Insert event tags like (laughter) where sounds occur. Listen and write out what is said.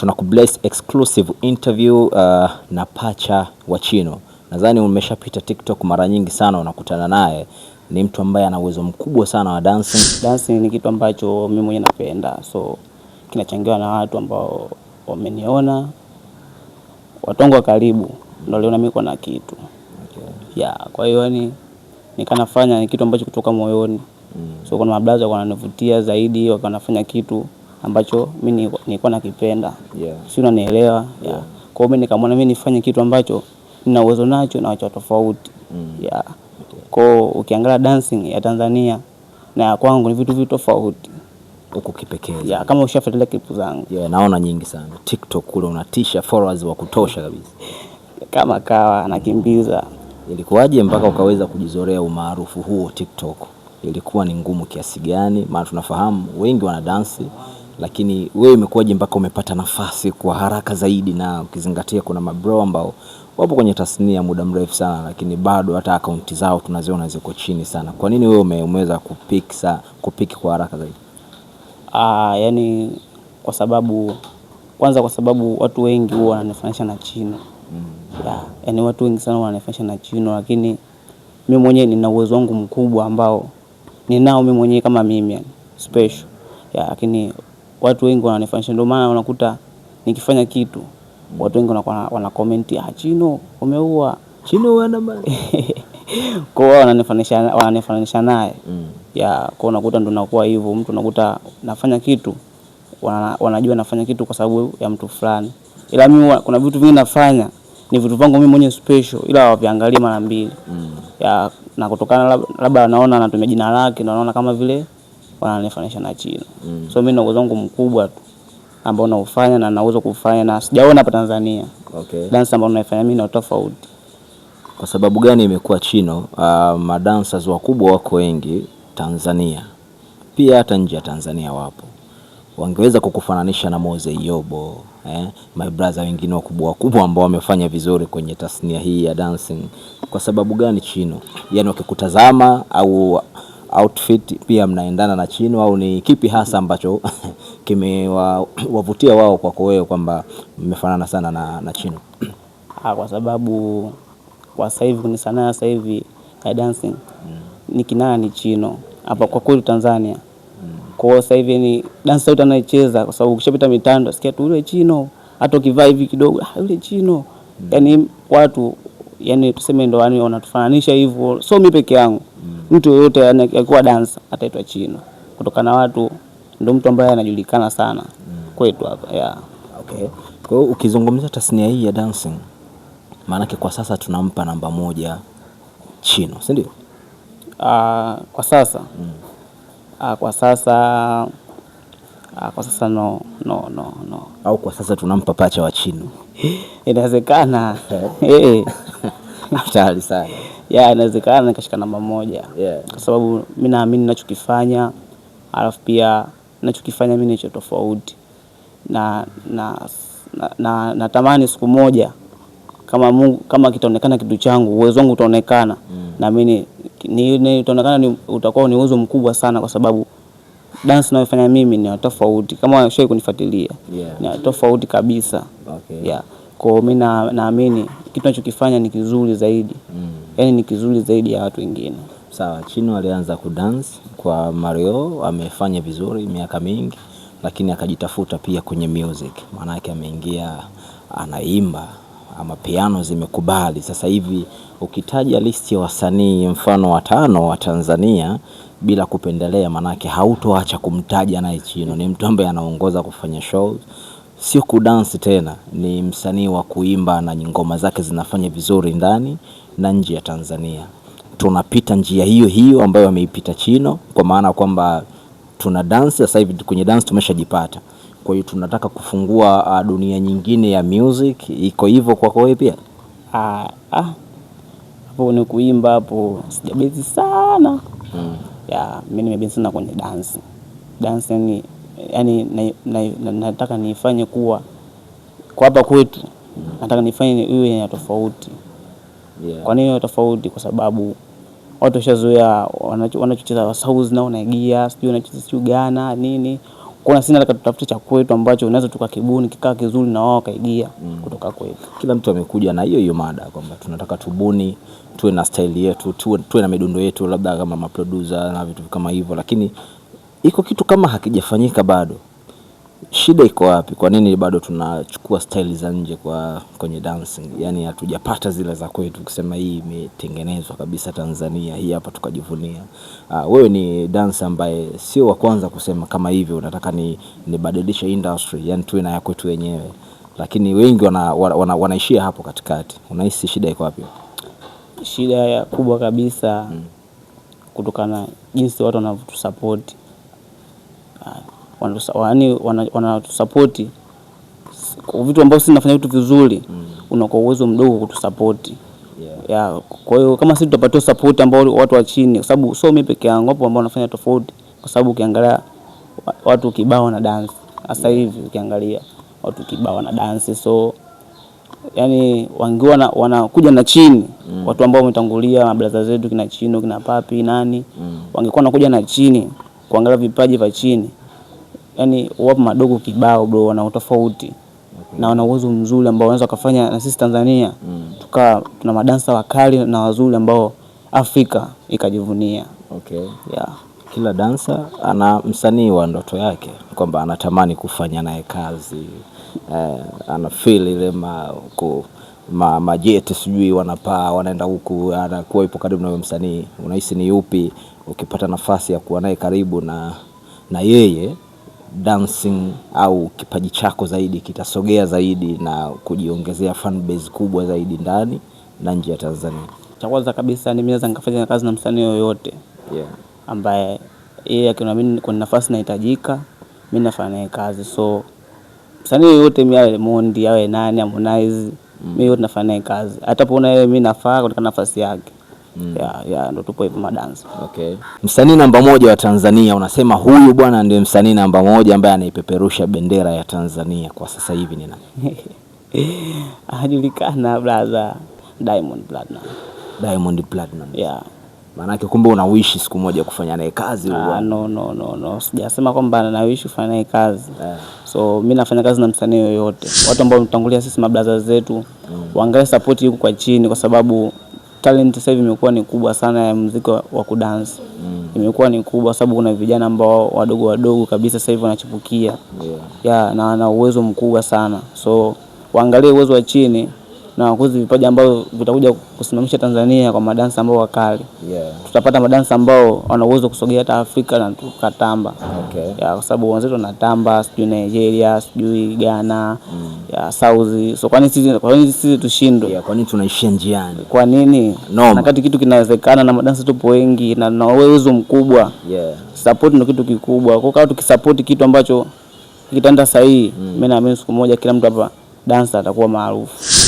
tunakubless exclusive interview uh, na Pacha wa Chino. Nadhani umeshapita TikTok mara nyingi sana, unakutana naye. Ni mtu ambaye ana uwezo mkubwa sana wa dancing. Dancing ni kitu ambacho mimi mwenyewe napenda, so kinachangiwa na watu ambao wameniona, watu wangu wa karibu ndio waliona mimi kuna kitu okay. Yeah, kwa hiyo yaani, ni nikanafanya ni kitu ambacho kutoka moyoni mm. So kuna mablaza wananivutia zaidi wakanafanya kitu ambacho mimi nilikuwa nakipenda, yeah. si unanielewa? yeah. Kwa hiyo mimi nikamwona mimi nifanye kitu ambacho nina uwezo nacho na wacha tofauti mm. yeah. okay. ukiangalia dancing ya Tanzania na ya kwangu ni vitu vitu tofauti huko kipekee. Yeah, kama ushafuatilia klipu zangu. Yeah, naona nyingi sana. TikTok kule unatisha followers wa kutosha kabisa. Kama kawa anakimbiza. Ilikuwaje mpaka ukaweza kujizorea umaarufu huo TikTok? Ilikuwa ni ngumu kiasi gani? Maana tunafahamu wengi wana dansi lakini wewe imekuwaje mpaka umepata nafasi kwa haraka zaidi, na ukizingatia kuna mabro ambao wapo kwenye tasnia muda mrefu sana, lakini bado hata akaunti zao tunaziona ziko chini sana. Kwa nini wewe umeweza kupiki kupiki kwa haraka zaidi? Aa, ah, yani kwa sababu kwanza, kwa sababu watu wengi huwa wananifanisha na Chino mm. ya, yani watu wengi sana wananifanisha na Chino, lakini mi mwenyewe nina uwezo wangu mkubwa ambao ninao mi mwenyewe kama mimi yani special ya, lakini watu wengi wananifanyisha, ndio maana unakuta nikifanya kitu watu wengi wanakuwa wana comment ah, Chino umeua, (laughs) Chino wana mali (laughs) kwa hiyo wananifananisha wananifananisha naye mm. ya kwa unakuta ndio nakuwa hivyo, mtu unakuta nafanya kitu wana, wanajua nafanya kitu kwa sababu ya mtu fulani, ila mimi kuna vitu vingi nafanya ni vitu vangu mimi mwenye special, ila hawaviangalii mara mbili mm. ya na kutokana labda anaona anatumia jina lake na anaona kama vile wananifanisha na China. Mm. So mimi na uwezo wangu mkubwa tu ambao naufanya na naweza kufanya na sijaona hapa Tanzania. Okay. Dance ambayo naifanya mimi na tofauti. Kwa sababu gani imekuwa Chino, uh, madancers wakubwa wako wengi Tanzania, pia hata nje ya Tanzania wapo, wangeweza kukufananisha na Moze Yobo, eh, my brother wengine wakubwa wakubwa ambao wamefanya vizuri kwenye tasnia hii ya dancing. Kwa sababu gani Chino, Yaani wakikutazama au outfit pia mnaendana na Chino au ni kipi hasa ambacho (laughs) kimewavutia wao kwako wewe kwamba mmefanana sana na, na Chino? Ah, kwa sababu kwa sasa hivi kwenye sanaa sasa hivi ya dancing mm. ni kinana ni Chino hapa kwa mm. kweli Tanzania mm. kwa sasa hivi ni dance sauti anaicheza, kwa sababu ukishapita mitando sikia tu yule Chino, hata ukivaa hivi kidogo ah, yule Chino mm. yani watu yani tuseme ndo yaani wanatufananisha hivyo, so mimi peke yangu mm mtu yoyote akiwa dansa ataitwa Chino kutokana watu, ndo mtu ambaye anajulikana sana mm. kwetu hapa yeah. Okay. Kwa hiyo ukizungumzia tasnia hii ya dancing, maanake kwa sasa tunampa namba moja Chino, si ndio? Uh, kwa sasa mm. uh, kwa sasa uh, kwa sasa no, no, no, no. Au kwa sasa tunampa pacha wa Chino inawezekana. (laughs) Eh. Hatari sana ya inawezekana nikashika namba moja yeah. Kwa sababu mi naamini nachokifanya, alafu pia nachokifanya mi nicho tofauti na, na, na, na, natamani siku moja kama Mungu, kama kitaonekana kitu changu uwezo wangu utaonekana mm. na mimi ni, ni, utaonekana ni, utakuwa ni uwezo mkubwa sana, kwa sababu dance ninayofanya mimi ni tofauti, kama washai kunifuatilia yeah. ni tofauti kabisa okay. yeah. kwa mimi naamini kitu nachokifanya ni kizuri zaidi mm. Yani ni kizuri zaidi ya watu wengine. Sawa, Chino alianza kudansi kwa Mario, amefanya vizuri miaka mingi, lakini akajitafuta pia kwenye music, maanake ameingia anaimba ama piano zimekubali. Sasa hivi ukitaja listi ya wasanii mfano watano wa Tanzania bila kupendelea, maanake hautoacha kumtaja naye Chino. Ni mtu ambaye anaongoza kufanya shows sio kudansi tena, ni msanii wa kuimba na ngoma zake zinafanya vizuri ndani na nje ya Tanzania. Tunapita njia hiyo hiyo ambayo ameipita Chino, kwa maana kwamba tuna dansi sasa hivi, kwenye dansi tumeshajipata. Kwa hiyo tunataka kufungua ah, dunia nyingine ya music. Iko hivyo kwako wewe pia? Ah, ah. Hapo ni kuimba hapo, sijabezi sana. Mm. Ya, mimi nimebezi sana kwenye dansi. Dansi ni yani na, na, nataka niifanye kuwa kwa hapa kwetu, nataka nifanye iwe ya tofauti. Yeah. Kwa nini tofauti? Kwa sababu watu washazoea wanachocheza wasauzi nao na gia sijui wanacheza sijui gana nini kuna sina nataka tutafute cha kwetu ambacho unaweza tukakibuni kikaa kizuri na wao wakaigia mm. kutoka kwetu. Kila mtu amekuja na hiyo hiyo mada kwamba tunataka tubuni, tuwe na style yetu, tuwe, tuwe na midundo yetu, labda kama maproducer na vitu kama hivyo, lakini iko kitu kama hakijafanyika bado. Shida iko wapi? Kwa nini bado tunachukua staili za nje kwa kwenye dancing? Yani hatujapata zile za kwetu kusema hii imetengenezwa kabisa Tanzania, hii hapa tukajivunia. Uh, wewe ni dancer ambaye sio wa kwanza kusema kama hivyo unataka ni nibadilishe industry, yani tuwe na ya kwetu wenyewe, lakini wengi wana, wana, wana, wanaishia hapo katikati. Unahisi shida iko wapi? Shida kubwa kabisa hmm, kutokana jinsi watu wanavyotusapoti Ah, wanani yaani wanatusapoti wana vitu ambavyo sisi tunafanya vitu vizuri mm. unakuwa uwezo mdogo kutusapoti yeah. kwa hiyo kama sisi tutapatiwa support ambao watu wa chini, kwa sababu sio mimi peke yangu, hapo ambao wanafanya tofauti, kwa sababu ukiangalia watu kibao na dance sasa hivi ukiangalia watu kibao na dance so yani wangiwa wanakuja na chini mm. watu ambao wametangulia mabraza zetu kina Chino kina Papi nani mm. wangekuwa wanakuja na chini kuangalia vipaji vya chini, yani wapo madogo kibao bro, wana utofauti na wana uwezo mzuri ambao wanaweza kufanya na sisi Tanzania mm. tuna madansa wakali na wazuri ambao Afrika ikajivunia. Okay. Yeah. Kila dansa ana msanii wa ndoto yake kwamba anatamani kufanya naye kazi eh, ana feel ile ma ku ma, majeti sijui wanapaa wanaenda huku, anakuwa ipo karibu na wewe msanii, unahisi ni yupi ukipata nafasi ya kuwa naye karibu na, na yeye dancing au kipaji chako zaidi kitasogea zaidi na kujiongezea fan base kubwa zaidi ndani na nje ya Tanzania? Cha kwanza kabisa nimeweza nikafanya kazi na msanii yoyote yeah, ambaye yeye akiona mimi kuna nafasi nahitajika, mimi nafanya naye kazi. So msanii yoyote mimi, awe Mondi awe nani, Harmonize Mm. mimi yote nafanya kazi, hata yeye mimi nafaa katika nafasi yake mm. ya, ya ndo tupo hivyo madansa. Okay. Msanii namba moja wa Tanzania unasema huyu bwana ndiye msanii namba moja ambaye anaipeperusha bendera ya Tanzania kwa sasa hivi ni nani? (laughs) Ajulikana brother, Diamond Platinum. Diamond Platinum. Yeah. Maanake kumbe unawishi siku moja kufanya naye kazi? Ah, no, no, no, no. Sijasema kwamba nawishi kufanya naye kazi yeah. So mi nafanya kazi na msanii yoyote, watu ambao mtangulia sisi mablaza zetu mm. waangalie sapoti huku kwa chini, kwa sababu talent sasa hivi imekuwa ni kubwa sana ya muziki wa kudansi mm. imekuwa ni kubwa sababu kuna vijana ambao wadogo wadogo kabisa sasa hivi wanachipukia yeah. Yeah, na wana uwezo mkubwa sana so waangalie uwezo wa chini na kuzi vipaji ambavyo vitakuja kusimamisha Tanzania kwa madansa ambao wakali yeah. Tutapata madansa ambao wana uwezo kusogea hata Afrika na tukatamba okay. Ya, kwa sababu wenzetu wanatamba sijui Nigeria sijui Ghana mm. ya South. so kwa nini sisi kwa nini sisi tushindwe? yeah, kwa nini tunaishia njiani? Kwa nini No. na kati kitu kinawezekana na madansa tupo wengi na na uwezo mkubwa yeah. Support ndio kitu kikubwa, kwa kama tukisupport kitu ambacho kitanda sahihi, mm. mimi mm. naamini siku moja kila mtu hapa dansa atakuwa maarufu.